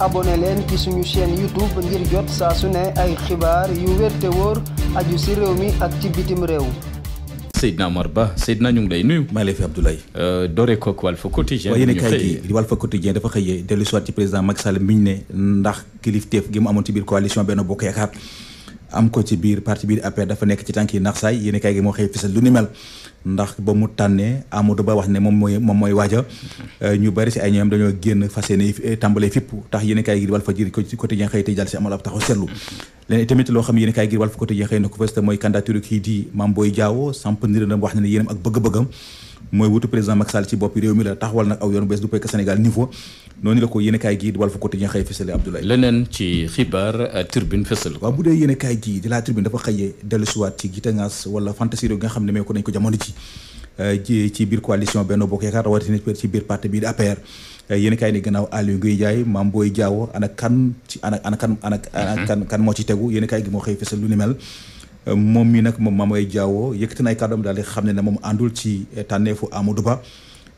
abonné leen ci suñu chaîne YouTube ngir jot saa su ne ay xibaar yu wér te wóor aju si réew mi ak ci bitim réew. Seydina Omar Ba Seydina ñu ngi lay nuyu. maa ngi lay fi Abdoulaye. Euh, Doree koog Walf Quotidien. waaye yéen kay gi dafa xëyee dellu si ci président Macky Sall miñ ne ndax kilifteef gi mu amoon ci biir coalition Benno Bokk Yaakaar. am ko ci biir parti biir APR dafa nekk ci tànk yi nax yéen kaay gi moo xëy fisal lu ni mel ndax ba mu tànnee Amadou Ba wax ne moom mooy moom mooy waaja euh, ñu bari si ay ñoom dañoo génn fas yéene tàmbalee fippu tax yéen kaay gi di Walf Fadjri quotidien xëy tey jàll si amal ab taxaw seetlu leneen tamit loo xam ne yéen kaay gi Walf Quotidien xëy na ko fës mooy candidature kii di Mame Boye Diao samp ni na wax ne ne yéenam ak mooy wutu président Macky Sall ci bopp réew mi la taxawal nag aw yoon bees du pekk Sénégal niveau noonu la ko yéen kaay gi di Walf Quotidien xëy fësale Abdoulaye leneen ci xibaar euh, Tribune fësal waaw bu dee yéen gi di la dafa xëyee dellusiwaat ci gitaŋaas wala fantasiro gi nga xam ne mee ko nañ ko jamono ci Euh, ci ci biir coalition Benno Bokk Yaakaar rawatina ci biir parti bi di APR euh, yéen kay ni gannaaw Aliou Ngouye Ndiaye Mame Boye Diao ana kan ci ana kan ana mhm. kan kan moo ci tegu yéen kay gi moo xëy fësal lu ni mel euh, moom mi nag moom Mame Boye Diao yëkkati na ay daal di xam ne ne moom àndul ci eh, tànneefu Amadou Ba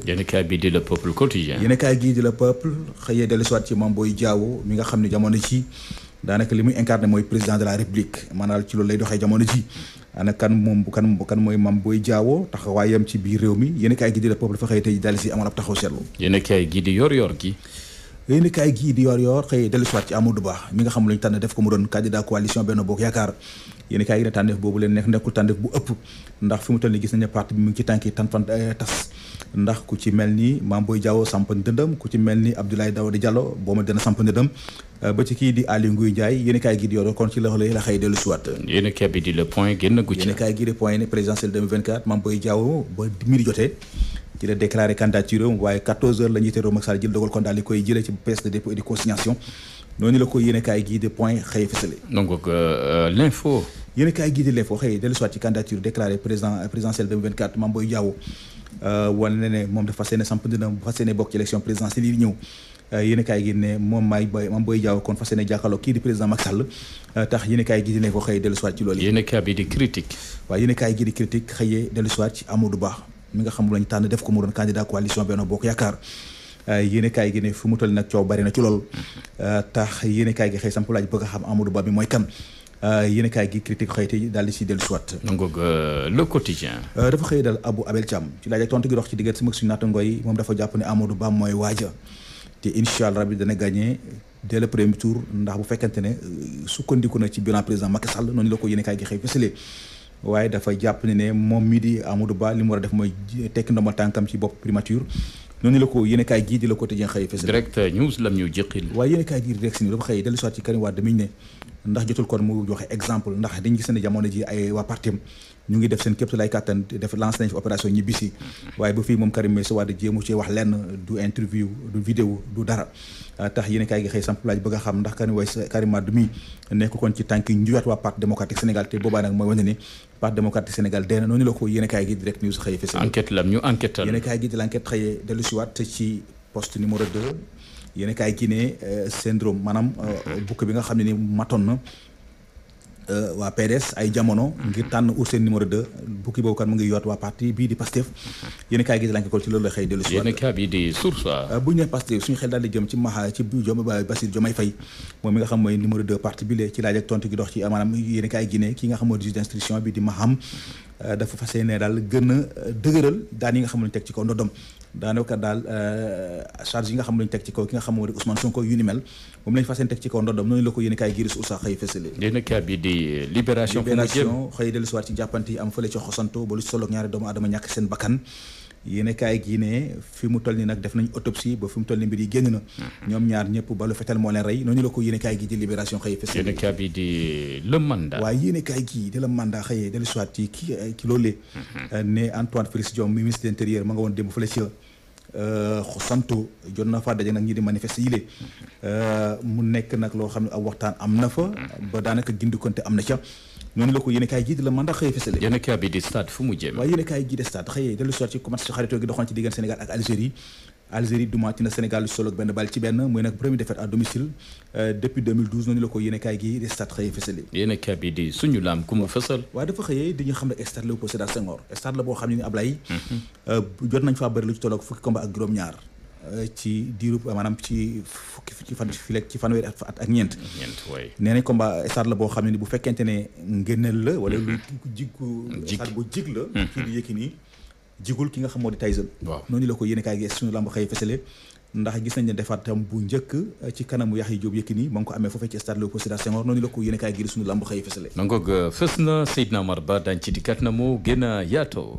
jëlee yéenekaay gii di le peuple xëyee dellu soit ci Mame Boye Diao mi nga xam ne jamono ji daanaka li muy incarné mooy président de la république maanaam ci loolu lay doxee jamono ci biir ab taxaw seetlu yéenekaay gii di yor yor gi yéenekaay gii di yor yor xëy dellu soit ci Amadou Ba mi nga xam lañu tànn def ko mu doon candidat coalition Benno Bokk Yaakaar yéen kaay yi ne tànneef boobu leen nekk nekkul tànneef bu ëpp ndax fi mu toll gis nañu parti ndax ku ci mel ni mam Boye Diao samp ndëndëm ku ci mel ni Abdoulaye Daouda Diallo boo ma dana samp ndëndëm euh, ba ci kii di Aliou Ngouye Ndiaye yéen kaay di yor kon ci la la xëy dellu si waat yéen kaay bi di le point génn gu ci yéen kaay gi di point ne présidentielle 2024 Mame Boye gi di point xëy fësale donc euh, l'info yéen kaay gi Euh, wane na ne moom dafa fas yéene samp dina fas yéene bokk ci élection présidentielle yi ñëw euh, yéen kaay gi ne moom maay bay mam kon fas yéene jàkkaarloo kii di président Macky Sall euh, tax kaay gi dine ko xëy dellu siwaat ci loolu yéen kaay bi di critique waaw yéen kaay gi di critique xëyee dellu siwaat ci Amadou Ba mi nga xam lañu tànn def ko mu doon candidat coalition Benno Bokk Yaakaar yéen kaay gi ne fu mu toll nag coow bari na ci lool mm-hmm. tax yéen kaay gi xëy samp laaj bëgg a xam Amadou Ba bi mooy kan Euh, yéen a gi critique xëy te daal di si dellu soit ngoog euh, le quotidien euh, dafa xëy dal Abou Abel Thiam ci laaj ak tontu gi dox ci jàpp ne Amadou Ba mooy waaja te incha allah rabbi dana gagné dès ndax bu fekkente ne sukkandiku na ci bilan président Macky Sall noonu la ko yéen a kaay gi xëy fësale waaye dafa jàpp ne ne moom mii di Amadou Ba li mu war a def mooy tekki ndomal tànkam ci bopp primature noonu la ko yéen kaay gii di la ko tëjee xëy fës direct news lam ñu jëqil waaye yéen kaay gii direct si ni ne ndax jotul kon mu joxe exemple ndax dañu gis ne jamono ji ay waa partim ñu ngi def seen képp lay kàttan def lancé nañ fi opération ñibbisi waaye ba fii moom Karim Meïssa Wade jéemu ci wax lenn du interview du vidéo du dara ah, tax yéen kaay gi xëy samp bëgg a xam ndax Karim Meïssa Karim Wade mi nekk kon ci tànk njuyaat waa parti démocratique Sénégal te boobaa nag mooy wane ni parti démocratique Sénégal dee na noonu la ko yéen kaay gi direct news xëye fës enquête yéen kaay kii ne euh, syndrome maanaam euh, bukk bi nga xam ne ni matoon na euh, waa PDS ay jamono ngir tànn ut seen numéro 2 bukki boobu kan mu ngi yoot waa parti bii di Pastef yéen kaay gi di lañ ko ci loolu la xëy dellu si yéen kaay bi di source bu ñu nee Pastef xel daal di jëm ci maxa ci jom Bassirou Diomaye Faye moom mi nga xam mooy numéro 2 parti bi ci laaj ak tontu gi dox ci maanaam yéen kaay ne ki nga xam mooy juge d'instruction bi di Maham dafa fas yéene daal gën a dëgëral daal yi nga xam ne teg ci kaw ndodom daanaka daal euh, charge yi nga xam ne lañu teg ci kaw ki nga xam moo di Ousmane Sonko yu ni mel moom lañu fas yéene teg ci kaw ndoddam noonu la ko yéen kaay giiris usa xëy fësale yéenekaay bi di euh, libération libération xëy dellusiwaat ci jàppante yi am fële ci xosanto ba lu ci solo ñaari doomu adama ñàkk seen bakkan yéen kaay gii ne fi mu toll nii nag def nañ autopsie ba fi mu toll ni mbir yi génn na mm-hmm. ñoom ñaar ñëpp balu fetal moo leen rey noonu la ko yéen kaay gi di libération xëye fes yéen kaay bi di le mandat waaw yéen kaay gii di le mandat xëye dellu soit ci ki ci loolee mm-hmm. euh, ne Antoine Félix Diome ministre de l'intérieur ma nga woon démb fële ci euh, xosanto jot na fa daje nag ñi di manifester yile mm-hmm. euh, mu nekk nag loo xam ne ak waxtaan am na fa ba daanaka gindikonte am na ca noonu la ko yéen a di la mandat xëy fësale yéen a kaay di stade fu mu jëm waaye yéen a di stade xëy dellu soit ci commencé si gi doxoon ci diggante Sénégal ak Algérie Algérie dumaati na Sénégal solo ak benn bal ci benn muy nag premier défaite à domicile euh, depuis noonu la ko yéen a di stade xëy fësale yéen a kaay laam ku mu fësal waaye dafa xëyee di xam ne stade la boo xam ne Ablaye mhm. euh, jot nañ faa bëri lu ci tolloog fukki combat Euh, ci diiru maanaam ci fukki ci fan fii rek ci fanweeri at ak ñeent. ñeent waay nee nañ combat stade la boo xam ne ni bu fekkente ne ngëneel la. wala mhm. lu jiggu. jig stade bu jig la. Mhm. kii di yëkki nii jigul ki nga xam moo di Tyson. waaw noonu la ko yéen kaay gi suñu lamb xëy fësale ndax gis nañ ne defaat tam bu njëkk euh, ci kanamu Yaxya Jóob Yékini ma ngi ko amee foofee ci stade Léopold Sédar Senghor noonu la ko yéen kaay gi suñu lamb xëy fësale. nangoo euh, fës na Seydina Mar Ba daañu ci dikkaat na mu gën a yaatoo.